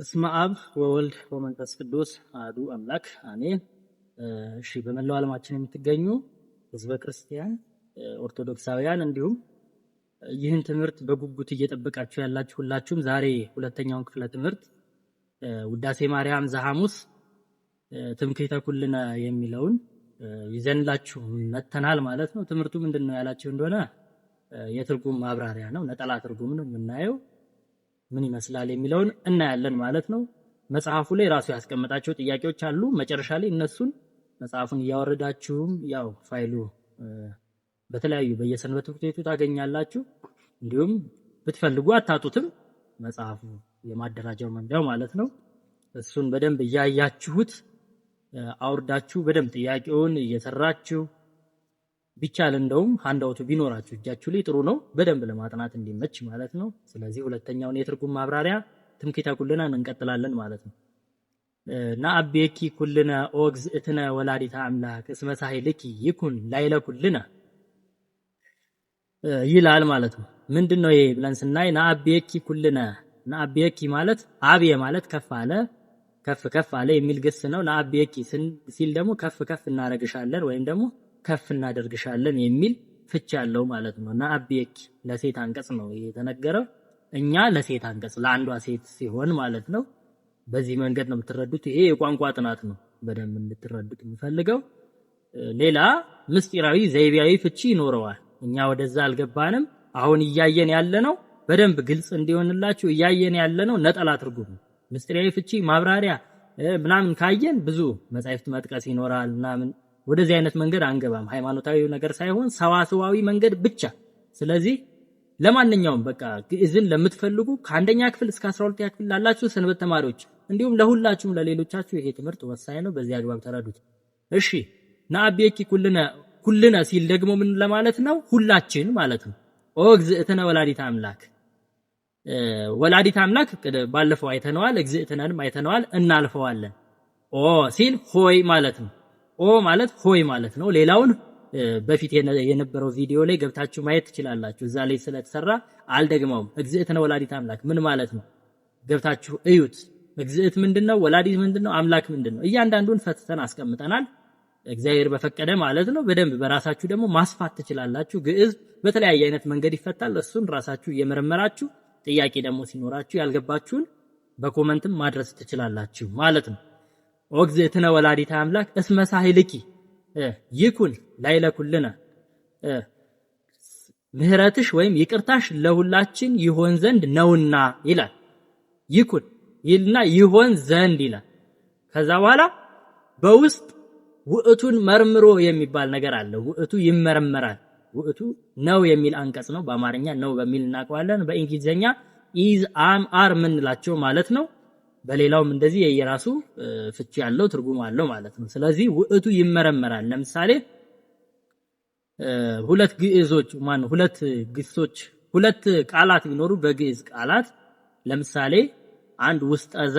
በስመ አብ ወወልድ ወመንፈስ ቅዱስ አሐዱ አምላክ አሜን። እሺ፣ በመላው ዓለማችን የምትገኙ ህዝበ ክርስቲያን ኦርቶዶክሳውያን፣ እንዲሁም ይህን ትምህርት በጉጉት እየጠበቃችሁ ያላችሁ ሁላችሁም ዛሬ ሁለተኛውን ክፍለ ትምህርት ውዳሴ ማርያም ዘሐሙስ ትምክህተ ኩልነ የሚለውን ይዘንላችሁ መተናል ማለት ነው። ትምህርቱ ምንድን ነው ያላችሁ እንደሆነ የትርጉም ማብራሪያ ነው። ነጠላ ትርጉም ነው የምናየው ምን ይመስላል የሚለውን እናያለን ማለት ነው። መጽሐፉ ላይ ራሱ ያስቀመጣቸው ጥያቄዎች አሉ። መጨረሻ ላይ እነሱን መጽሐፉን እያወረዳችሁም ያው ፋይሉ በተለያዩ በየሰንበት ትምህርት ቤቱ ታገኛላችሁ። እንዲሁም ብትፈልጉ አታጡትም። መጽሐፉ የማደራጃው መምሪያው ማለት ነው። እሱን በደንብ እያያችሁት አውርዳችሁ በደንብ ጥያቄውን እየሰራችሁ ቢቻል እንደውም ሀንዳውቱ ቢኖራችሁ እጃችሁ ላይ ጥሩ ነው፣ በደንብ ለማጥናት እንዲመች ማለት ነው። ስለዚህ ሁለተኛውን የትርጉም ማብራሪያ ትምክህተ ኩልናን እንቀጥላለን ማለት ነው። ናአቤኪ ኩልነ ኦግዝ እግዝእትነ ወላዲተ አምላክ እስመ ሳህልኪ ይኩን ላይለ ኩልነ ይላል ማለት ነው። ምንድን ነው ይሄ ብለን ስናይ ናአቤኪ ኩልነ፣ ናአቤኪ ማለት አብየ ማለት ከፍ አለ ከፍ ከፍ አለ የሚል ግስ ነው። ናአቤኪ ሲል ደግሞ ከፍ ከፍ እናረግሻለን ወይም ደግሞ ከፍ እናደርግሻለን የሚል ፍቻ ያለው ማለት ነው። እና ለሴት አንቀጽ ነው የተነገረው። እኛ ለሴት አንቀጽ ለአንዷ ሴት ሲሆን ማለት ነው። በዚህ መንገድ ነው የምትረዱት። ይሄ የቋንቋ ጥናት ነው በደንብ እንድትረዱት የምፈልገው። ሌላ ምስጢራዊ ዘይቤያዊ ፍቺ ይኖረዋል። እኛ ወደዛ አልገባንም። አሁን እያየን ያለ ነው። በደንብ ግልጽ እንዲሆንላችሁ እያየን ያለ ነው ነጠላ ትርጉም ምስጢራዊ ፍቺ ማብራሪያ ምናምን ካየን ብዙ መጻሕፍት መጥቀስ ይኖራል ምናምን ወደዚህ አይነት መንገድ አንገባም። ሃይማኖታዊ ነገር ሳይሆን ሰዋስዋዊ መንገድ ብቻ። ስለዚህ ለማንኛውም በቃ ግዕዝን ለምትፈልጉ ከአንደኛ ክፍል እስከ 12ኛ ክፍል ላላችሁ ሰንበት ተማሪዎች፣ እንዲሁም ለሁላችሁም ለሌሎቻችሁ ይሄ ትምህርት ወሳኝ ነው። በዚህ አግባብ ተረዱት። እሺ ነአቤኪ ኩልነ ሁልነ ሲል ደግሞ ምን ለማለት ነው? ሁላችን ማለት ነው። ኦ እግዝእትነ ወላዲተ አምላክ ወላዲተ አምላክ ባለፈው አይተነዋል። እግዝእትነንም አይተነዋል፣ እናልፈዋለን። ኦ ሲል ሆይ ማለት ነው። ኦ ማለት ሆይ ማለት ነው። ሌላውን በፊት የነበረው ቪዲዮ ላይ ገብታችሁ ማየት ትችላላችሁ። እዛ ላይ ስለተሰራ አልደግመውም። እግዝእትነ ወላዲት አምላክ ምን ማለት ነው? ገብታችሁ እዩት። እግዝእት ምንድነው? ወላዲት ምንድነው? አምላክ ምንድነው? እያንዳንዱን ፈትተን አስቀምጠናል። እግዚአብሔር በፈቀደ ማለት ነው። በደንብ በራሳችሁ ደግሞ ማስፋት ትችላላችሁ። ግዕዝ በተለያየ አይነት መንገድ ይፈታል። እሱን ራሳችሁ እየመረመራችሁ ጥያቄ ደግሞ ሲኖራችሁ ያልገባችሁን በኮመንትም ማድረስ ትችላላችሁ ማለት ነው። ወግዝእትነ ወላዲተ አምላክ እስመ ሳህልኪ ይኩን ላይለ ኩልነ ምህረትሽ ወይም ይቅርታሽ ለሁላችን ይሆን ዘንድ ነውና ይላል። ይኩን ይልና ይሆን ዘንድ ይላል። ከዛ በኋላ በውስጥ ውዕቱን መርምሮ የሚባል ነገር አለ። ውዕቱ ይመረመራል። ውእቱ ነው የሚል አንቀጽ ነው። በአማርኛ ነው በሚል እናውቀዋለን። በእንግሊዝኛ ኢዝ አም አር የምንላቸው ማለት ነው። በሌላውም እንደዚህ የየራሱ ፍቺ ያለው ትርጉም አለው ማለት ነው። ስለዚህ ውዕቱ ይመረመራል። ለምሳሌ ሁለት ግዕዞች ማን ሁለት ግሶች ሁለት ቃላት ቢኖሩ በግዕዝ ቃላት ለምሳሌ አንድ ውስጠዘ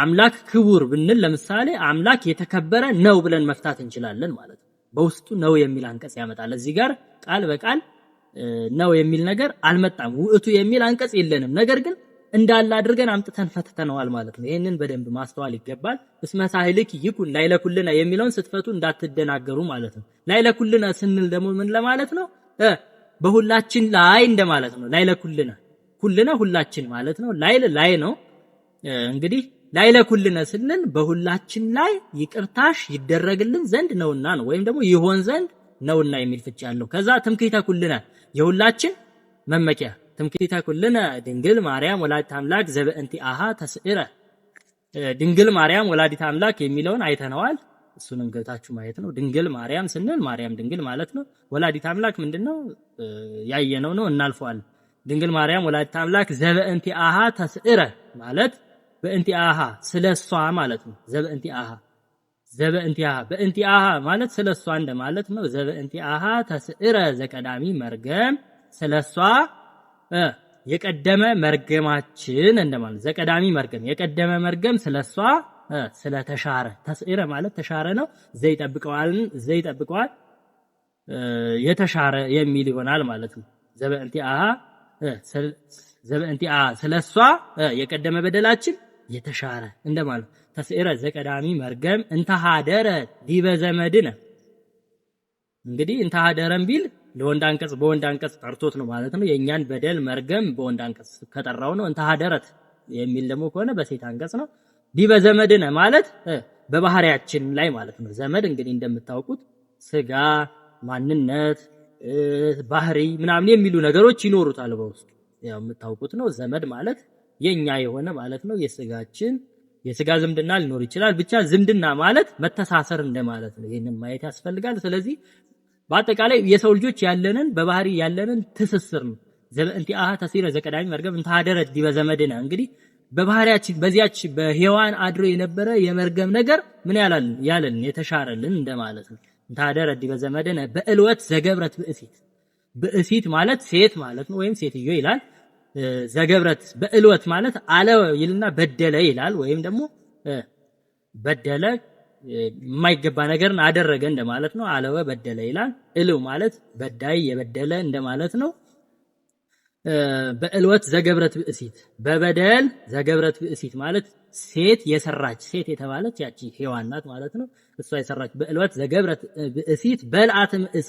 አምላክ ክቡር ብንል ለምሳሌ አምላክ የተከበረ ነው ብለን መፍታት እንችላለን ማለት ነው። በውስጡ ነው የሚል አንቀጽ ያመጣል። እዚህ ጋር ቃል በቃል ነው የሚል ነገር አልመጣም። ውዕቱ የሚል አንቀጽ የለንም። ነገር ግን እንዳለ አድርገን አምጥተን ፈትተነዋል ማለት ነው። ይህንን በደንብ ማስተዋል ይገባል። እስመ ሳህልክ ይኩን ላይለኩልነ የሚለውን ስትፈቱ እንዳትደናገሩ ማለት ነው። ላይለኩልነ ስንል ደግሞ ምን ለማለት ነው? በሁላችን ላይ እንደማለት ነው። ላይለኩልነ ኩልነ ሁላችን ማለት ነው። ላይ ላይ ነው እንግዲህ ላይለኩልነ ስንል በሁላችን ላይ ይቅርታሽ ይደረግልን ዘንድ ነውና ነው ወይም ደግሞ ይሆን ዘንድ ነውና የሚል ፍቺ ያለው ከዛ ትምክህተ ኩልነ የሁላችን መመኪያ ትምክህቲታ ኩልነ ድንግል ማርያም ወላዲት አምላክ ዘበእንቲአሃ ተስዕረ ድንግል ማርያም ወላዲት አምላክ የሚለውን አይተነዋል። እሱንም ገብታችሁ ማየት ነው። ድንግል ማርያም ስንል ማርያም ድንግል ማለት ነው። ወላዲት አምላክ ምንድነው? ያየነው ነው፣ እናልፈዋለን። ድንግል ማርያም ወላዲት አምላክ ዘበእንቲአሃ ተስዕረ ማለት በእንቲአሃ ስለሷ ማለት ነው። ዘበእንቲአሃ ዘበእንቲአሃ በእንቲአሃ ማለት ስለሷ እንደማለት ነው። ዘበእንቲአሃ ተስዕረ ዘቀዳሚ መርገም ስለሷ የቀደመ መርገማችን እንደማለት ዘቀዳሚ መርገም የቀደመ መርገም ስለሷ ስለተሻረ ተስዒረ ማለት ተሻረ ነው። ዘይ ጠብቀዋል የተሻረ የሚል ይሆናል ማለት ነው። ዘበእንቲአ አ ስለሷ የቀደመ በደላችን የተሻረ እንደማለት ተስዒረ ዘቀዳሚ መርገም እንተሃደረ ዲበ ዘመድነ እንግዲህ እንተሃደረም ቢል ለወንድ አንቀጽ በወንድ አንቀጽ ጠርቶት ነው ማለት ነው። የእኛን በደል መርገም በወንድ አንቀጽ ከጠራው ነው። እንተ ሀደረት የሚል ደግሞ ከሆነ በሴት አንቀጽ ነው። ዲበዘመድነ ማለት በባህሪያችን ላይ ማለት ነው። ዘመድ እንግዲህ እንደምታውቁት ስጋ፣ ማንነት፣ ባህሪ ምናምን የሚሉ ነገሮች ይኖሩታል በውስጡ ያው የምታውቁት ነው። ዘመድ ማለት የኛ የሆነ ማለት ነው። የስጋችን የስጋ ዝምድና ሊኖር ይችላል። ብቻ ዝምድና ማለት መተሳሰር እንደማለት ነው። ይህንን ማየት ያስፈልጋል። ስለዚህ በአጠቃላይ የሰው ልጆች ያለንን በባህሪ ያለንን ትስስር ነው። እንቲ አሃ ተሲረ ዘቀዳሚ መርገም እንተ ሀደረት ዲበ ዘመድነ እንግዲህ በባህሪያችን በዚያች በሔዋን አድሮ የነበረ የመርገም ነገር ምን ያላል ያለን የተሻረልን እንደማለት ነው። እንተ ሀደረት ዲበ ዘመድነ በእልወት ዘገብረት ብእሲት ብእሲት ማለት ሴት ማለት ነው፣ ወይም ሴትዮ ይላል። ዘገብረት በእልወት ማለት አለ ይልና በደለ ይላል፣ ወይም ደግሞ በደለ የማይገባ ነገር አደረገ እንደማለት ነው። አለወ በደለ ይላል። እሉ ማለት በዳይ የበደለ እንደማለት ነው። በእልወት ዘገብረት ብእሲት በበደል ዘገብረት ብእሲት ማለት ሴት የሰራች ሴት የተባለች ያቺ ሔዋን ናት ማለት ነው። እሷ የሰራች በእልወት ዘገብረት ብእሲት በልዓት እምእፅ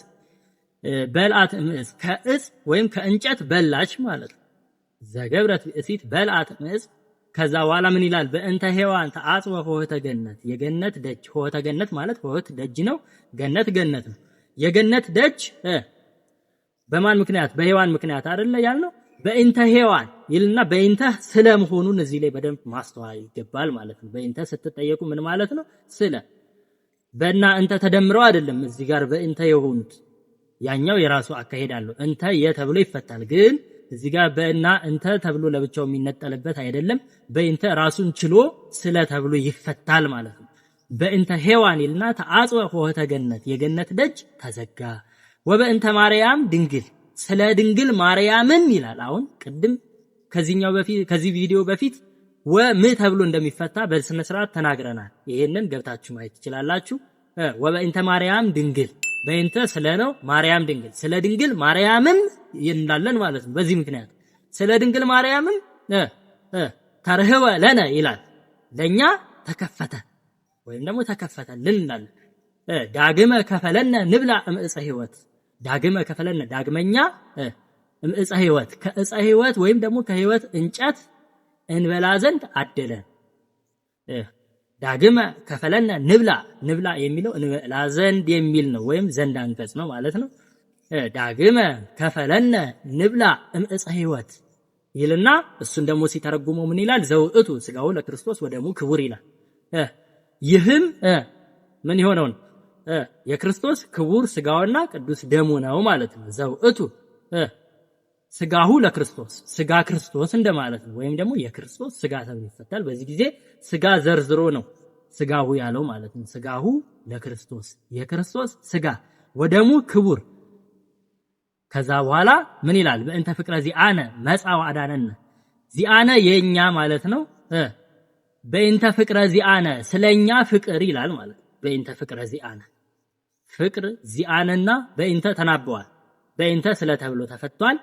በልዓት እምእፅ ከእፅ ወይም ከእንጨት በላች ማለት ነው። ዘገብረት ብእሲት በልዓት እምእፅ ከዛ በኋላ ምን ይላል? በእንተ ሔዋን ተአጽወ ኆኅተ ገነት፣ የገነት ደጅ። ኆኅተ ገነት ማለት ኆኅት ደጅ ነው፣ ገነት ገነት ነው። የገነት ደጅ በማን ምክንያት? በሔዋን ምክንያት አይደለ ያልነው። በእንተ ሔዋን ይልና በእንተ ስለመሆኑ እዚህ ላይ በደንብ ማስተዋል ይገባል ማለት ነው። በእንተ ስትጠየቁ ምን ማለት ነው? ስለ በእና እንተ ተደምረው አይደለም። እዚህ ጋር በእንተ የሆኑት ያኛው የራሱ አካሄድ አለው። እንተ የተብሎ ይፈታል ግን እዚህ ጋር በእና እንተ ተብሎ ለብቻው የሚነጠልበት አይደለም። በእንተ ራሱን ችሎ ስለ ተብሎ ይፈታል ማለት ነው። በእንተ ሔዋን ይልና ተአጽወ ኆኅተ ገነት የገነት ደጅ ተዘጋ። ወበእንተ ማርያም ድንግል ስለ ድንግል ማርያምን ይላል። አሁን ቅድም ከዚህኛው በፊት ከዚህ ቪዲዮ በፊት ወም ተብሎ እንደሚፈታ በስነ ስርዓት ተናግረናል። ይሄንን ገብታችሁ ማየት ትችላላችሁ። ወበእንተ ማርያም ድንግል በእንተ ስለ ነው ማርያም ድንግል ስለ ድንግል ማርያምም እንላለን ማለት ነው። በዚህ ምክንያት ስለ ድንግል ማርያምም ተርህወ ለነ ይላል ለኛ ተከፈተ ወይም ደግሞ ተከፈተ እንላለን። ዳግመ ከፈለነ ንብላ እምእፀ ህይወት ዳግመ ከፈለነ ዳግመኛ እምእፀ ህይወት ከእፀ ህይወት ወይም ደግሞ ከህይወት እንጨት እንበላ ዘንድ አደለን። ዳግመ ከፈለነ ንብላ ንብላ የሚለው እንበላ ዘንድ የሚል ነው፣ ወይም ዘንድ አንቀጽ ነው ማለት ነው። ዳግመ ከፈለነ ንብላ እምእፀ ሕይወት ይልና እሱን ደግሞ ሲተረጉመው ምን ይላል? ዘውእቱ ስጋው ለክርስቶስ ወደሙ ክቡር ይላል። ይህም ምን የሆነውን የክርስቶስ ክቡር ስጋውና ቅዱስ ደሙ ነው ማለት ነው። ዘውእቱ ስጋሁ ለክርስቶስ ስጋ ክርስቶስ እንደማለት ነው። ወይም ደግሞ የክርስቶስ ስጋ ተብሎ ይፈታል። በዚህ ጊዜ ስጋ ዘርዝሮ ነው ስጋሁ ያለው ማለት ነው። ስጋሁ ለክርስቶስ የክርስቶስ ስጋ ወደሙ ክቡር። ከዛ በኋላ ምን ይላል? በእንተ ፍቅረ ዚአነ መጻው አዳነነ። ዚአነ የኛ ማለት ነው። በእንተ ፍቅረ ዚአነ ስለኛ ፍቅር ይላል ማለት ነው። በእንተ ፍቅረ ዚአነ ፍቅር ዚአነና በእንተ ተናበዋል። በእንተ ስለ ተብሎ ተፈቷል።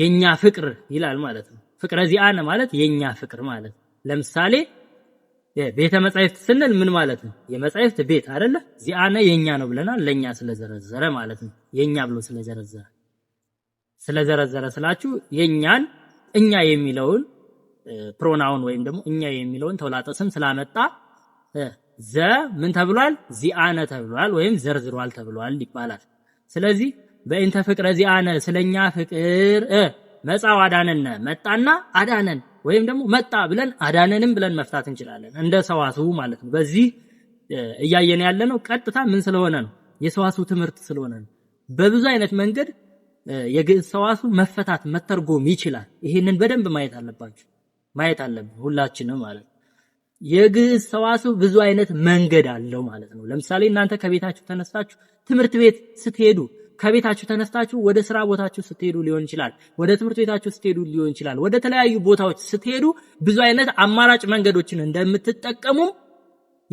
የኛ ፍቅር ይላል ማለት ነው። ፍቅረ ዚአነ ማለት የኛ ፍቅር ማለት ነው። ለምሳሌ ቤተ መጻሕፍት ስንል ምን ማለት ነው? የመጻሕፍት ቤት አይደለ? ዚአነ የኛ ነው ብለናል። ለኛ ስለዘረዘረ ማለት ነው። የኛ ብሎ ስለዘረዘረ ስለዘረዘረ ስላችሁ የኛን እኛ የሚለውን ፕሮናውን ወይም ደግሞ እኛ የሚለውን ተውላጠ ስም ስላመጣ ዘ ምን ተብሏል? ዚአነ ተብሏል፣ ወይም ዘርዝሯል ተብሏል ይባላል። ስለዚህ በእንተ ፍቅረ ዚአነ ስለኛ ፍቅር መጻው አዳነነ መጣና አዳነን ወይም ደግሞ መጣ ብለን አዳነንም ብለን መፍታት እንችላለን። እንደ ሰዋሱ ማለት ነው። በዚህ እያየን ያለ ነው። ቀጥታ ምን ስለሆነ ነው? የሰዋሱ ትምህርት ስለሆነ ነው። በብዙ አይነት መንገድ የግዕዝ ሰዋሱ መፈታት መተርጎም ይችላል። ይህንን በደንብ ማየት አለባችሁ፣ ማየት አለብን ሁላችንም ማለት ነው። የግዕዝ ሰዋሱ ብዙ አይነት መንገድ አለው ማለት ነው። ለምሳሌ እናንተ ከቤታችሁ ተነሳችሁ ትምህርት ቤት ስትሄዱ ከቤታችሁ ተነስታችሁ ወደ ስራ ቦታችሁ ስትሄዱ ሊሆን ይችላል፣ ወደ ትምህርት ቤታችሁ ስትሄዱ ሊሆን ይችላል፣ ወደ ተለያዩ ቦታዎች ስትሄዱ ብዙ አይነት አማራጭ መንገዶችን እንደምትጠቀሙም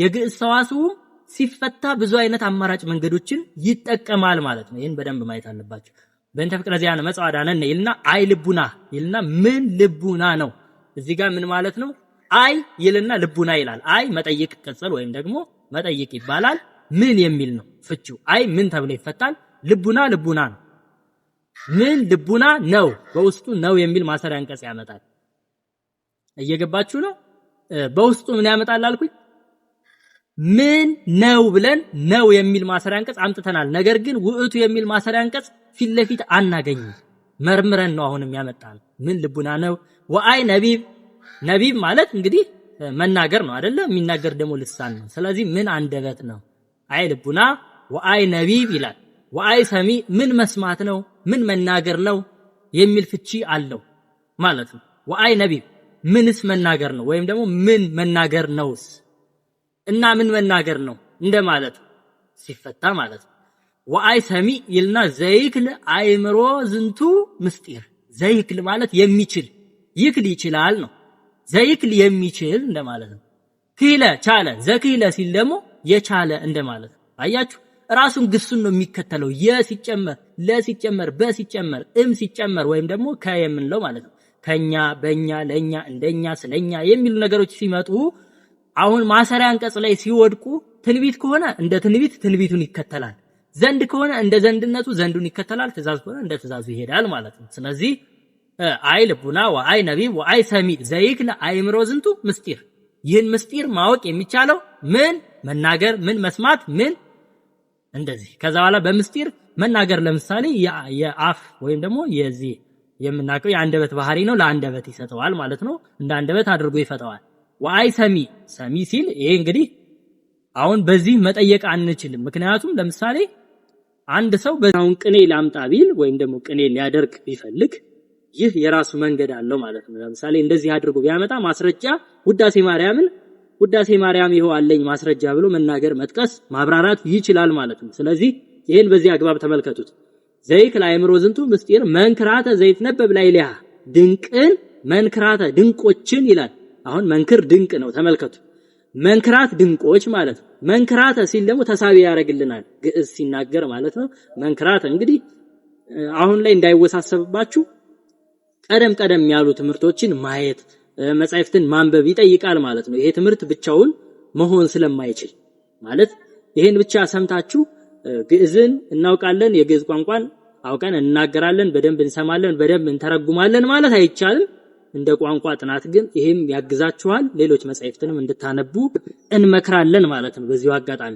የግዕዝ ሰዋስውም ሲፈታ ብዙ አይነት አማራጭ መንገዶችን ይጠቀማል ማለት ነው። ይህን በደንብ ማየት አለባችሁ። በእንተ ፍቅረ ዚአነ መጽአ ይልና አይ ልቡና ይልና ምን ልቡና ነው? እዚህ ጋር ምን ማለት ነው? አይ ይልና ልቡና ይላል። አይ መጠይቅ ቅጽል ወይም ደግሞ መጠይቅ ይባላል። ምን የሚል ነው ፍቺው? አይ ምን ተብሎ ይፈታል? ልቡና ልቡና ነው። ምን ልቡና ነው? በውስጡ ነው የሚል ማሰሪያ አንቀጽ ያመጣል። እየገባችሁ ነው? በውስጡ ምን ያመጣል አልኩኝ? ምን ነው ብለን ነው የሚል ማሰሪያ አንቀጽ አምጥተናል። ነገር ግን ውዕቱ የሚል ማሰሪያ አንቀጽ ፊት ለፊት አናገኝም። መርምረን ነው አሁንም ያመጣን። ምን ልቡና ነው ወአይ ነቢብ ነቢብ ማለት እንግዲህ መናገር ነው አይደለ? የሚናገር ደግሞ ልሳን ነው። ስለዚህ ምን አንደበት ነው። አይ ልቡና ወአይ ነቢብ ይላል። ወአይ ሰሚ ምን መስማት ነው፣ ምን መናገር ነው የሚል ፍቺ አለው ማለት ነው። ወአይ ነቢ ምንስ መናገር ነው ወይም ደግሞ ምን መናገር ነውስ እና ምን መናገር ነው እንደማለት ሲፈታ ማለት ነው። ወአይ ሰሚ ይልና ዘይክል አይምሮ ዝንቱ ምስጢር ዘይክል ማለት የሚችል ይክል ይችላል ነው። ዘይክል የሚችል እንደማለት ነው። ክለ ቻለ ዘክለ ሲል ደግሞ የቻለ እንደማለት ነው። አያችሁ ራሱን ግሱን ነው የሚከተለው። የ ሲጨመር ለሲጨመር በሲጨመር እም ሲጨመር ወይም ደግሞ ከ ከየምንለው ማለት ነው። ከኛ፣ በኛ ለኛ እንደኛ፣ ስለኛ የሚሉ ነገሮች ሲመጡ አሁን ማሰሪያ አንቀጽ ላይ ሲወድቁ ትንቢት ከሆነ እንደ ትንቢት ትንቢቱን ይከተላል። ዘንድ ከሆነ እንደ ዘንድነቱ ዘንዱን ይከተላል። ትእዛዝ ከሆነ እንደ ትእዛዙ ይሄዳል ማለት ነው። ስለዚህ አይ ልቡና ወአይ ነቢብ ወአይ ሰሚ ዘይክለ አእምሮ ዝንቱ ምስጢር፣ ይህን ምስጢር ማወቅ የሚቻለው ምን መናገር፣ ምን መስማት፣ ምን እንደዚህ ከዛ በኋላ በምስጢር መናገር ለምሳሌ የአፍ ወይም ደግሞ የዚህ የምናውቀው የአንደበት ባህሪ ነው። ለአንደበት ይሰጠዋል ማለት ነው። እንደ አንደበት አድርጎ ይፈጠዋል። ወአይ ሰሚ ሰሚ ሲል ይሄ እንግዲህ አሁን በዚህ መጠየቅ አንችልም። ምክንያቱም ለምሳሌ አንድ ሰው በዛውን ቅኔ ላምጣ ቢል ወይም ደግሞ ቅኔ ሊያደርግ ቢፈልግ ይህ የራሱ መንገድ አለው ማለት ነው። ለምሳሌ እንደዚህ አድርጎ ቢያመጣ ማስረጃ ውዳሴ ማርያምን ውዳሴ ማርያም ይኸው አለኝ ማስረጃ ብሎ መናገር መጥቀስ ማብራራት ይችላል ማለት ነው። ስለዚህ ይህን በዚህ አግባብ ተመልከቱት። ዘይክ ለአእምሮ ዝንቱ ምስጢር መንክራተ ላይ ሊያ ድንቅን መንክራተ ድንቆችን ይላል። አሁን መንክር ድንቅ ነው። ተመልከቱ መንክራት ድንቆች ማለት ነው። መንክራተ ሲል ደግሞ ተሳቢ ያደርግልናል ግዕዝ ሲናገር ማለት ነው። መንክራተ እንግዲህ አሁን ላይ እንዳይወሳሰብባችሁ ቀደም ቀደም ያሉ ትምህርቶችን ማየት መጻሕፍትን ማንበብ ይጠይቃል ማለት ነው። ይሄ ትምህርት ብቻውን መሆን ስለማይችል ማለት ይሄን ብቻ ሰምታችሁ ግዕዝን እናውቃለን፣ የግዕዝ ቋንቋን አውቀን እናገራለን በደንብ እንሰማለን፣ በደንብ እንተረጉማለን ማለት አይቻልም። እንደ ቋንቋ ጥናት ግን ይሄም ያግዛችኋል። ሌሎች መጻሕፍትንም እንድታነቡ እንመክራለን ማለት ነው። በዚሁ አጋጣሚ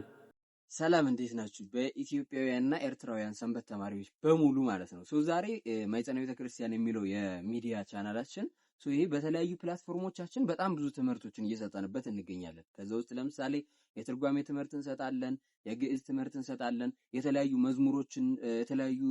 ሰላም፣ እንዴት ናችሁ? በኢትዮጵያውያንና ኤርትራውያን ሰንበት ተማሪዎች በሙሉ ማለት ነው። ዛሬ ማኅፀነ ቤተክርስቲያን የሚለው የሚዲያ ቻናላችን ይሄ በተለያዩ ፕላትፎርሞቻችን በጣም ብዙ ትምህርቶችን እየሰጠንበት እንገኛለን። ከዛ ውስጥ ለምሳሌ የትርጓሜ ትምህርት እንሰጣለን፣ የግዕዝ ትምህርት እንሰጣለን፣ የተለያዩ መዝሙሮችን፣ የተለያዩ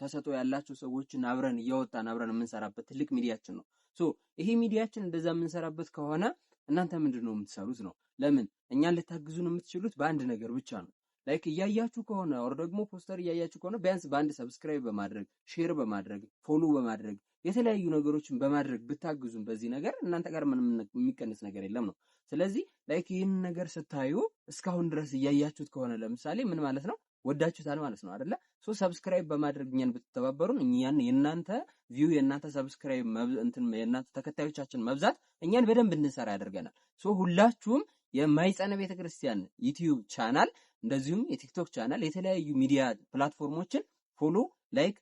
ተሰጦ ያላቸው ሰዎችን አብረን እያወጣን አብረን የምንሰራበት ትልቅ ሚዲያችን ነው። ሶ ይሄ ሚዲያችን እንደዛ የምንሰራበት ከሆነ እናንተ ምንድን ነው የምትሰሩት ነው? ለምን እኛን ልታግዙን የምትችሉት በአንድ ነገር ብቻ ነው። ላይክ እያያችሁ ከሆነ ኦር ደግሞ ፖስተር እያያችሁ ከሆነ ቢያንስ በአንድ ሰብስክራይብ በማድረግ ሼር በማድረግ ፎሎ በማድረግ የተለያዩ ነገሮችን በማድረግ ብታግዙን በዚህ ነገር እናንተ ጋር ምንም የሚቀንስ ነገር የለም ነው። ስለዚህ ላይክ ይህን ነገር ስታዩ እስካሁን ድረስ እያያችሁት ከሆነ ለምሳሌ ምን ማለት ነው ወዳችሁታል ማለት ነው አደለ? ሶ ሰብስክራይብ በማድረግ እኛን ብትተባበሩን እኛን የእናንተ ቪው የእናንተ ሰብስክራይብ እንትን የእናንተ ተከታዮቻችን መብዛት እኛን በደንብ እንሰራ ያደርገናል። ሶ ሁላችሁም የማይጸነ ቤተክርስቲያን ዩቲዩብ ቻናል እንደዚሁም የቲክቶክ ቻናል የተለያዩ ሚዲያ ፕላትፎርሞችን ፎሎ ላይክ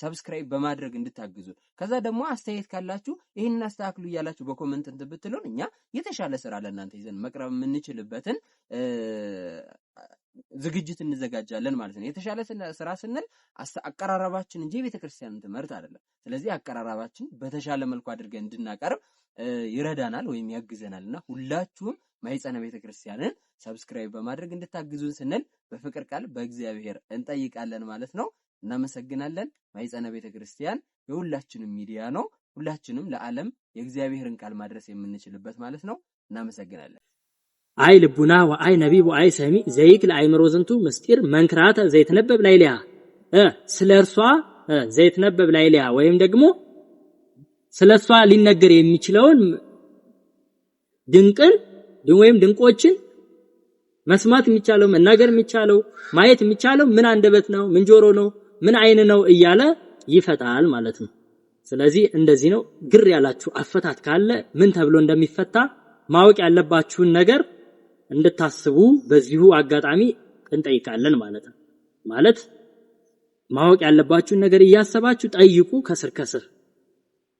ሰብስክራይብ በማድረግ እንድታግዙ ከዛ ደግሞ አስተያየት ካላችሁ ይህንን አስተካክሉ እያላችሁ በኮመንት እንትን ብትሉን እኛ የተሻለ ስራ ለእናንተ ይዘን መቅረብ የምንችልበትን ዝግጅት እንዘጋጃለን ማለት ነው። የተሻለ ስራ ስንል አቀራረባችን እንጂ የቤተክርስቲያን ትምህርት አይደለም። ስለዚህ አቀራረባችን በተሻለ መልኩ አድርገን እንድናቀርብ ይረዳናል ወይም ያግዘናል እና ሁላችሁም ማይጸነ ቤተክርስቲያንን ሰብስክራይብ በማድረግ እንድታግዙን ስንል በፍቅር ቃል በእግዚአብሔር እንጠይቃለን ማለት ነው። እናመሰግናለን። ማይጸነ ቤተክርስቲያን የሁላችንም ሚዲያ ነው። ሁላችንም ለዓለም የእግዚአብሔርን ቃል ማድረስ የምንችልበት ማለት ነው። እናመሰግናለን። አይ ልቡና ወአይ ነቢብ ወአይ ሰሚ ዘይክ ለአይምሮ ዝንቱ ምስጢር መንክራተ ዘይትነበብ ላይሊያ ስለ እርሷ ዘይትነበብ ላይሊያ ወይም ደግሞ ስለ እሷ ሊነገር የሚችለውን ድንቅን ወይም ድንቆችን መስማት የሚቻለው መናገር የሚቻለው ማየት የሚቻለው ምን አንደበት ነው? ምን ጆሮ ነው? ምን አይን ነው እያለ ይፈታል ማለት ነው። ስለዚህ እንደዚህ ነው። ግር ያላችሁ አፈታት ካለ ምን ተብሎ እንደሚፈታ ማወቅ ያለባችሁን ነገር እንድታስቡ በዚሁ አጋጣሚ እንጠይቃለን ማለት ነው። ማለት ማወቅ ያለባችሁን ነገር እያሰባችሁ ጠይቁ ከስር ከስር።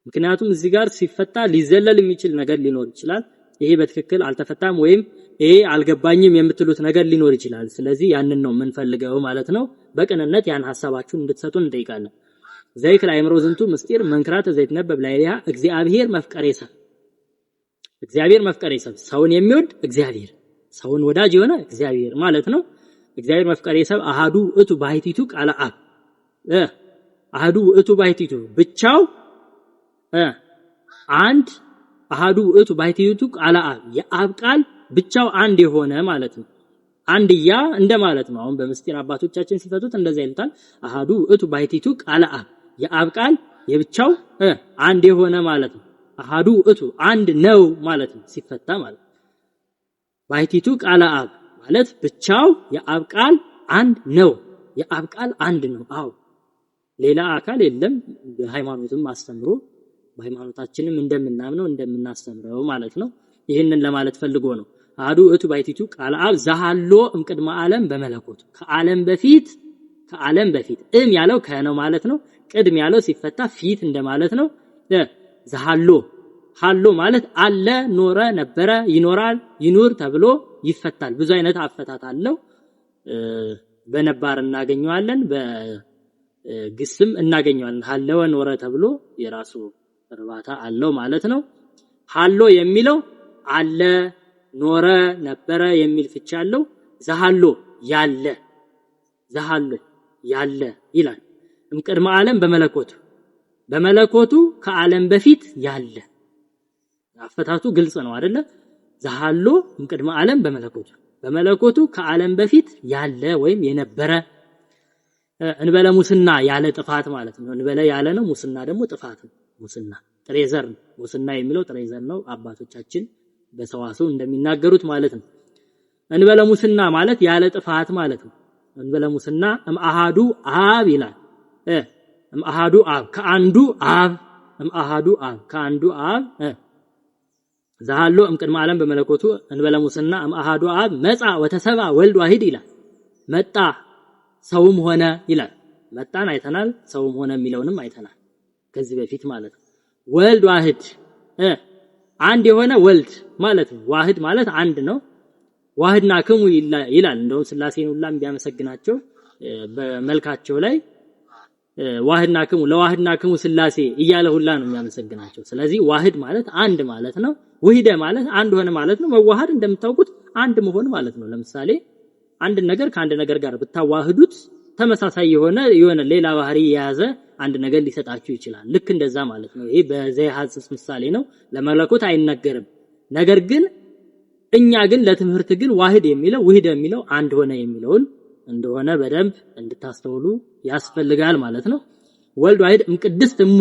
ምክንያቱም እዚህ ጋር ሲፈታ ሊዘለል የሚችል ነገር ሊኖር ይችላል። ይሄ በትክክል አልተፈታም ወይም ይሄ አልገባኝም የምትሉት ነገር ሊኖር ይችላል። ስለዚህ ያንን ነው የምንፈልገው ማለት ነው። በቅንነት ያን ሐሳባችሁን እንድትሰጡን እንጠይቃለን። ዘይክ ለአእምሮ ዝንቱ ምስጢር መንክራተ ነበብ ላይሊያ እግዚአብሔር መፍቀሬ ሰብ እግዚአብሔር መፍቀሬ ሰብ ሰውን የሚወድ እግዚአብሔር ሰውን ወዳጅ የሆነ እግዚአብሔር ማለት ነው። እግዚአብሔር መፍቀሬ ሰብ አሃዱ ውእቱ ባሕቲቱ ቃለ አብ አሃዱ ውእቱ ባሕቲቱ ብቻው አንድ አሃዱ ውእቱ ባሕቲቱ ቃለ አብ የአብ ቃል ብቻው አንድ የሆነ ማለት ነው። አንድያ እንደማለት ነው። አሁን በምስጢር አባቶቻችን ሲፈቱት እንደዛ ይሉታል። አሃዱ እቱ ባይቲቱ ቃለ አብ የአብ ቃል የብቻው አንድ የሆነ ማለት ነው። አሃዱ እቱ አንድ ነው ማለት ነው ሲፈታ ማለት ባይቲቱ ቃለ አብ ማለት ብቻው የአብ ቃል አንድ ነው። የአብ ቃል አንድ ነው። አዎ ሌላ አካል የለም። በሃይማኖትም አስተምሮ በሃይማኖታችንም እንደምናምነው እንደምናስተምረው ማለት ነው። ይህንን ለማለት ፈልጎ ነው። አዱ እቱ ባይቲቱ ቃል አብ ዘሃሎ እምቅድመ ዓለም በመለኮቱ ከዓለም በፊት ከዓለም በፊት እም ያለው ከነው ማለት ነው። ቅድም ያለው ሲፈታ ፊት እንደማለት ነው። ዘሃሎ ሃሎ ማለት አለ፣ ኖረ፣ ነበረ፣ ይኖራል፣ ይኑር ተብሎ ይፈታል። ብዙ አይነት አፈታት አለው። በነባር እናገኘዋለን፣ በግስም እናገኘዋለን። ሃለወ ኖረ ተብሎ የራሱ እርባታ አለው ማለት ነው። ሃሎ የሚለው አለ ኖረ፣ ነበረ የሚል ፍቻ ያለው ዘሃሎ ያለ ዘሃሎ ያለ ይላል። እምቅድመ ዓለም በመለኮቱ በመለኮቱ ከዓለም በፊት ያለ አፈታቱ ግልጽ ነው አይደለ? ዘሃሎ እምቅድመ ዓለም በመለኮቱ በመለኮቱ ከዓለም በፊት ያለ ወይም የነበረ እንበለ ሙስና ያለ ጥፋት ማለት ነው። እንበለ ያለ ነው፣ ሙስና ደግሞ ጥፋት ነው። ሙስና ጥሬ ዘር ነው። ሙስና የሚለው ጥሬ ዘር ነው አባቶቻችን በሰዋሰው እንደሚናገሩት ማለት ነው። እንበለ ሙስና ማለት ያለ ጥፋት ማለት ነው። እንበለ ሙስና እምአሃዱ አብ ይላል። እምአሃዱ አብ ከአንዱ አብ እምአሃዱ አብ ከአንዱ አብ ዛሃሎ እምቅድመ ዓለም በመለኮቱ እንበለ ሙስና እምአሃዱ አብ መጻ ወተሰባ ወልድ ዋሂድ ይላል። መጣ ሰውም ሆነ ይላል። መጣን አይተናል። ሰውም ሆነ የሚለውንም አይተናል ከዚህ በፊት ማለት ነው። ወልድ ዋህድ አንድ የሆነ ወልድ ማለት ነው። ዋህድ ማለት አንድ ነው። ዋህድና ክሙ ይላል። እንደውም ስላሴን ሁላም ቢያመሰግናቸው በመልካቸው ላይ ዋህድና ክሙ ለዋህድና ክሙ ስላሴ እያለ ሁላ ነው የሚያመሰግናቸው። ስለዚህ ዋህድ ማለት አንድ ማለት ነው። ውሂደ ማለት አንድ ሆነ ማለት ነው። መዋሃድ እንደምታውቁት አንድ መሆን ማለት ነው። ለምሳሌ አንድ ነገር ከአንድ ነገር ጋር ብታዋህዱት ተመሳሳይ የሆነ የሆነ ሌላ ባህሪ የያዘ አንድ ነገር ሊሰጣችሁ ይችላል። ልክ እንደዛ ማለት ነው። ይሄ በዘይሐጽጽ ምሳሌ ነው። ለመለኮት አይነገርም። ነገር ግን እኛ ግን ለትምህርት ግን ዋህድ የሚለው ውህድ የሚለው አንድ ሆነ የሚለውን እንደሆነ በደንብ እንድታስተውሉ ያስፈልጋል ማለት ነው። ወልድ ዋህድ እምቅድስት እሙ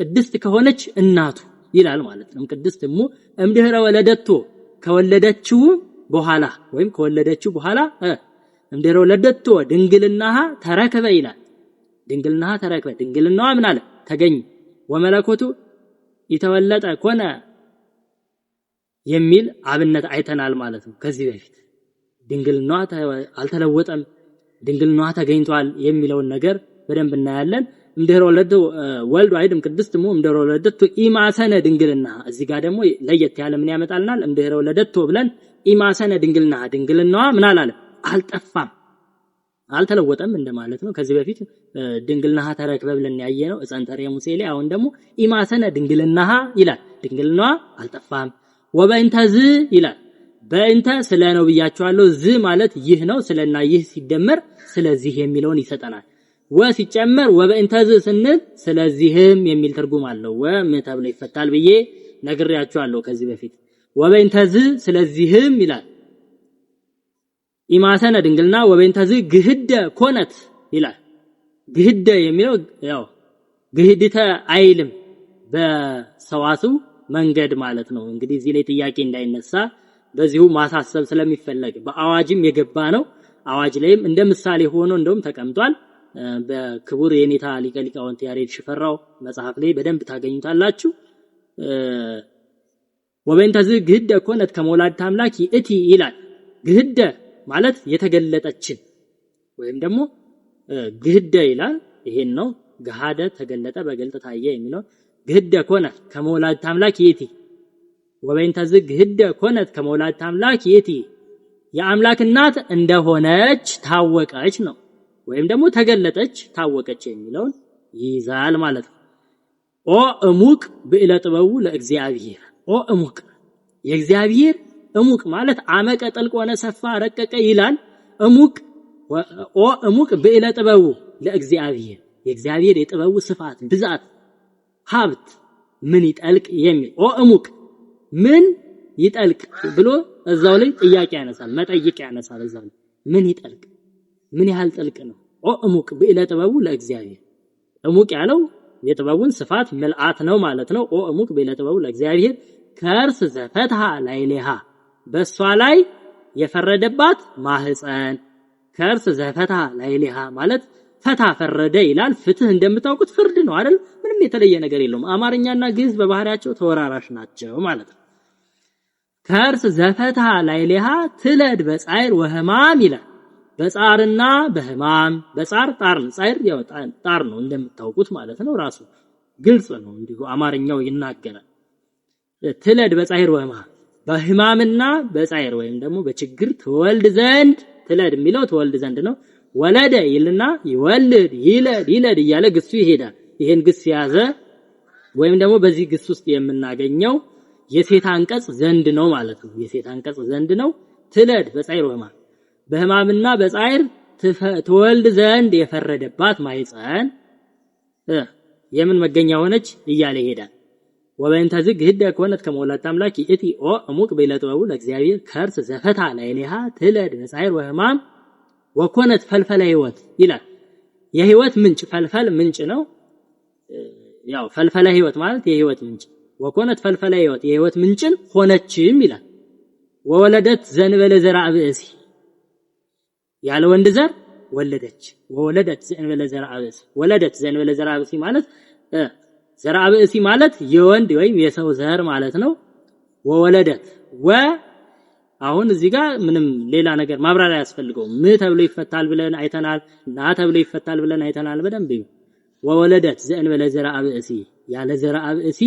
ቅድስት ከሆነች እናቱ ይላል ማለት ነው። እምቅድስት እሙ እምድህረ ወለደቶ ከወለደችው በኋላ ወይም ከወለደችው በኋላ እምድህረ ወለደቶ ድንግልናሃ ተረከበ ይላል ድንግልናሃ ተረክበ ድንግልናዋ ምን አለ ተገኝ ወመለኮቱ የተወለጠ ኮነ የሚል አብነት አይተናል ማለት ነው ከዚህ በፊት ድንግልናዋ አልተለወጠም ድንግልናዋ ተገኝቷል የሚለውን ነገር በደንብ እናያለን እምድኅረ ወለደ ወልድ አይድም ሙ እምድኅረ ወለደቶ ኢማሰነ ድንግልና እዚህ ጋር ደግሞ ለየት ያለ ምን ያመጣልናል እምድኅረ ወለደቶ ብለን ኢማሰነ ድንግልና ድንግልናዋ ምን አላለ አልጠፋም አልተለወጠም እንደማለት ነው። ከዚህ በፊት ድንግልናሃ ተረክበ ብለን ያየነው እጸንተር የሙሴ ላይ አሁን ደግሞ ኢማሰነ ድንግልናሃ ይላል። ድንግልናዋ አልጠፋም። ወበእንተ ዝ ይላል። በእንተ ስለ ነው ብያቸዋለሁ። ዝ ማለት ይህ ነው። ስለና ይህ ሲደመር ስለዚህ የሚለውን ይሰጠናል። ወ ሲጨመር ወበእንተ ዝ ስንል ስለዚህም የሚል ትርጉም አለው። ወ ምን ተብሎ ይፈታል ብዬ ነግሬያቸዋለሁ ከዚህ በፊት ወበእንተ ዝ ስለዚህም ይላል ኢማተነ ድንግልና ወበንተዚ ግህደ ኮነት ይላል። ግህደ የሚለው ያው ግህድተ አይልም በሰዋሱ መንገድ ማለት ነው። እንግዲህ እዚህ ላይ ጥያቄ እንዳይነሳ በዚሁ ማሳሰብ ስለሚፈለግ በአዋጅም የገባ ነው። አዋጅ ላይም እንደ ምሳሌ ሆኖ እንደውም ተቀምጧል። በክቡር የኔታ ሊቀ ሊቃውንት ያሬድ ሽፈራው መጽሐፍ ላይ በደንብ ታገኙታላችሁ። ወበንተዚ ግህደ ኮነት ከመውላድ ታምላኪ እቲ ይላል ግህደ ማለት የተገለጠችን ወይም ደግሞ ግህደ ይላል። ይሄን ነው ገሃደ ተገለጠ፣ በግልጥ ታየ የሚለው ግህደ ኮነት ከመውላድ ታምላክ የቲ ወበይንተዝ ግህደ ኮነት ከመውላድ ታምላክ የቲ የአምላክ እናት እንደሆነች ታወቀች ነው ወይም ደግሞ ተገለጠች፣ ታወቀች የሚለውን ይይዛል ማለት ነው። ኦ እሙቅ ብዕለ ጥበቡ ለእግዚአብሔር ኦ እሙቅ የእግዚአብሔር እሙቅ ማለት አመቀ ጠልቅ ሆነ ሰፋ ረቀቀ ይላል። እሙቅ ኦ እሙቅ ብዕለ ጥበቡ ለእግዚአብሔር የእግዚአብሔር የጥበቡ ስፋት ብዛት ሀብት ምን ይጠልቅ የሚል ኦ እሙቅ ምን ይጠልቅ ብሎ እዛው ላይ ጥያቄ ያነሳል፣ መጠይቅ ያነሳል። እዛው ላይ ምን ይጠልቅ ምን ያህል ጥልቅ ነው? ኦ እሙቅ ብዕለ ጥበቡ ለእግዚአብሔር እሙቅ ያለው የጥበቡን ስፋት ምልአት ነው ማለት ነው። ኦ እሙቅ ብዕለ ጥበቡ ለእግዚአብሔር ከእርስ ዘፈትሃ ላይሌሃ በእሷ ላይ የፈረደባት ማህፀን ከእርስ ዘፈታ ላይሊሃ ማለት ፈታ ፈረደ ይላል። ፍትህ እንደምታውቁት ፍርድ ነው አይደል? ምንም የተለየ ነገር የለውም። አማርኛና ግዕዝ በባህሪያቸው ተወራራሽ ናቸው ማለት ነው። ከእርስ ዘፈታ ላይሊሃ ትለድ በጻይር ወህማም ይላል። በጻርና በህማም በጻር ጣር ጻይር ያው ጣር ነው እንደምታውቁት ማለት ነው። ራሱ ግልጽ ነው እንዲሁ አማርኛው ይናገራል። ትለድ በጻይር ወህማም በህማምና በጻይር ወይም ደግሞ በችግር ትወልድ ዘንድ ትለድ የሚለው ትወልድ ዘንድ ነው። ወለደ ይልና ይወልድ ይለድ ይለድ እያለ ግሱ ይሄዳል። ይሄን ግስ የያዘ ወይም ደግሞ በዚህ ግስ ውስጥ የምናገኘው የሴት አንቀጽ ዘንድ ነው ማለት ነው። የሴት አንቀጽ ዘንድ ነው። ትለድ በጻይር ወማ በህማምና በጻይር ትወልድ ዘንድ የፈረደባት ማይፀን የምን መገኛ ሆነች እያለ ይሄዳል። ወበይን ተዝግ ህደ ኮነት ከመውላት አምላኪ እቲ ኦ እሙቅ በይለጥበቡ ለእግዚአብሔር ከርስ ዘፈታ ላይሊሃ ትለድ መጻይር ወህማም ወኮነት ፈልፈለ ህይወት ይላል። የህይወት ምንጭ ፈልፈል ምንጭ ነው። ያው ፈልፈለ ህይወት ማለት የህይወት ምንጭ ወኮነት ፈልፈለ ህይወት የህይወት ምንጭን ሆነችም ይላል። ወወለደት ዘንበለ ዘራ ብእሲ ያለ ወንድ ዘር ወለደች። ወወለደት ዘንበለ ዘራ ብእሲ ወለደት ዘንበለ ዘራ ብእሲ ማለት ዘርአ ብእሲ ማለት የወንድ ወይም የሰው ዘር ማለት ነው። ወወለደት ወ አሁን እዚህ ጋር ምንም ሌላ ነገር ማብራሪያ ያስፈልገው ም ተብሎ ይፈታል ብለን አይተናል። ና ተብሎ ይፈታል ብለን አይተናል። በደንብ ወወለደት ዘእንበለ ዘርአ ብእሲ ያለ ዘርአ ብእሲ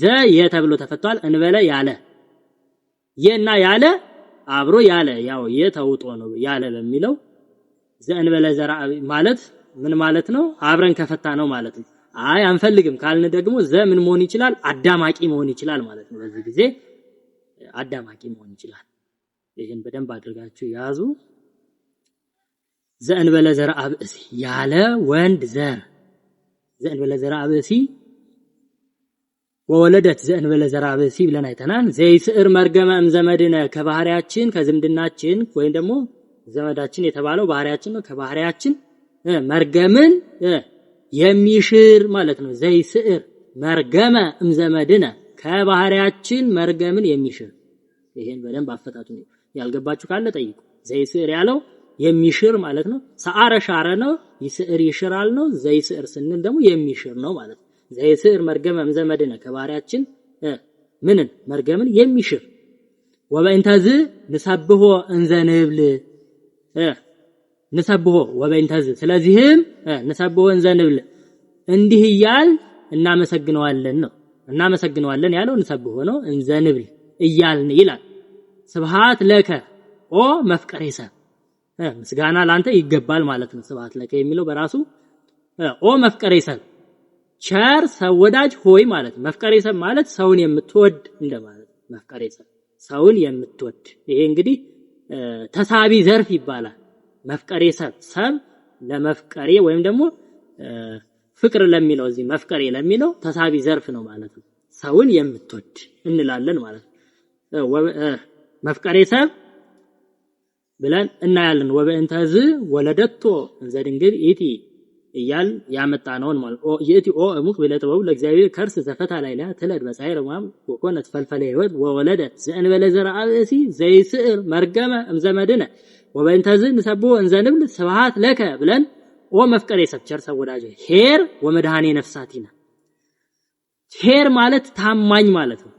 ዘ የ ተብሎ ተፈቷል። እንበለ ያለ የና ያለ አብሮ ያለ ያው የተውጦ ነው ያለ በሚለው ዘእንበለ ዘርአ ማለት ምን ማለት ነው? አብረን ከፈታ ነው ማለት ነው። አይ አንፈልግም ካልን ደግሞ ዘ ምን መሆን ይችላል? አዳማቂ መሆን ይችላል ማለት ነው። በዚህ ጊዜ አዳማቂ መሆን ይችላል። ይህን በደንብ አድርጋችሁ ያዙ። ዘእንበለ ዘርአ ብእሲ ያለ ወንድ ዘር ዘእንበለ ዘርአ ብእሲ ወወለደት ዘእንበለ ዘርአ ብእሲ ብለን አይተናል። ዘይስዕር መርገመ እምዘመድነ ከባህሪያችን ከዝምድናችን ወይም ደግሞ ዘመዳችን የተባለው ባህሪያችን ነው። ከባህሪያችን መርገምን የሚሽር ማለት ነው። ዘይ ስዕር መርገመ እምዘመድነ ከባህሪያችን መርገምን የሚሽር ይሄን በደንብ አፈታቱ ያልገባችሁ ካለ ጠይቁ። ዘይ ስዕር ያለው የሚሽር ማለት ነው። ሰዓረ ሻረ ነው። ይስዕር ይሽራል ነው። ዘይ ስዕር ስንል ደግሞ የሚሽር ነው ማለት ነው። ዘይ ስዕር መርገመ እምዘመድነ ከባህሪያችን ምንን መርገምን የሚሽር ወበእንተዝ ንሰብሖ እንዘንብል ንሰብሆ ወበይንተዝ ስለዚህም ንሰብሆ እንዘንብል እንዲህ እያል እናመሰግነዋለን ነው። እናመሰግነዋለን ያለው ንሰብሆ ነው። እንዘንብል እያልን ይላል። ስብሃት ለከ ኦ መፍቀሬ ሰብ ምስጋና ላንተ ይገባል ማለት ነው። ስብሃት ለከ የሚለው በራሱ ኦ መፍቀሬሰ ቸር ሰው ወዳጅ ሆይ ማለት ሰብ ማለት ሰውን የምትወድ እንደማለት መፍቀሬሰ ሰውን የምትወድ ይሄ እንግዲህ ተሳቢ ዘርፍ ይባላል። መፍቀሬ ሰብ ሰብ ለመፍቀሬ ወይም ደግሞ ፍቅር ለሚለው እዚህ መፍቀሬ ለሚለው ተሳቢ ዘርፍ ነው ማለት ነው። ሰውን የምትወድ እንላለን ማለት ነው። መፍቀሬ ሰብ ብለን እናያለን። ወበእንተ እዝ ወለደቶ እንዘ ድንግል ይእቲ እያል ያመጣ ነውን ማለት ኦ ይእቲ ኦ እሙክ ብለጥበቡ ለእግዚአብሔር ከርስ ዘፈታ ላይላ ላ ትለድ በጻይር ማም ወኮነት ፈልፈለ ሕይወት ወወለደት ዘእንበለ ዘርአ ብእሲ ዘይስእር መርገመ እምዘመድነ ወበእንተዝ ንሰቡ እንዘንብል ስብሃት ለከ ብለን ኦ መፍቀሬ ሰብቸር ሰወዳጅ ሄር ወመድኃኔ ነፍሳቲና ሄር ማለት ታማኝ ማለት ነው።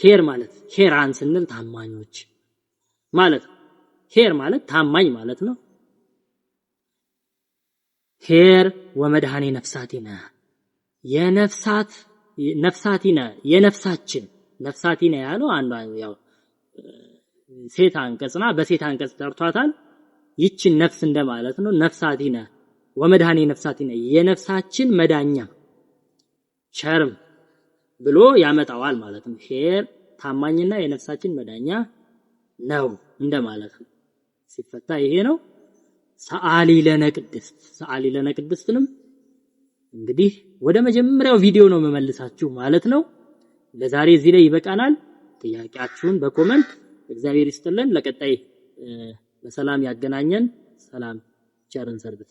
ሄር ማለት ሄራን ስንል ታማኞች ማለት ሄር ማለት ታማኝ ማለት ነው። ሄር ወመድኃኔ ነፍሳቲና የነፍሳት ነፍሳቲና የነፍሳችን ነፍሳቲና ያለው አንዱ ያው ሴት አንቀጽና በሴት አንቀጽ ጠርቷታል። ይችን ነፍስ እንደማለት ነው። ነፍሳቲነ ወመድኃኔ ነፍሳቲነ የነፍሳችን መዳኛ ቸርም ብሎ ያመጣዋል ማለት ነው። ሄር ታማኝና የነፍሳችን መዳኛ ነው እንደማለት ነው። ሲፈታ ይሄ ነው። ሰዓሊ ለነ ሰዓሊ ሰአሊ እንግዲህ ወደ መጀመሪያው ቪዲዮ ነው መመልሳችሁ ማለት ነው። ለዛሬ እዚህ ላይ ይበቃናል። ጥያቄያችሁን በኮመንት እግዚአብሔር ይስጥልን። ለቀጣይ በሰላም ያገናኘን። ሰላም፣ ቸርን ሰንብት።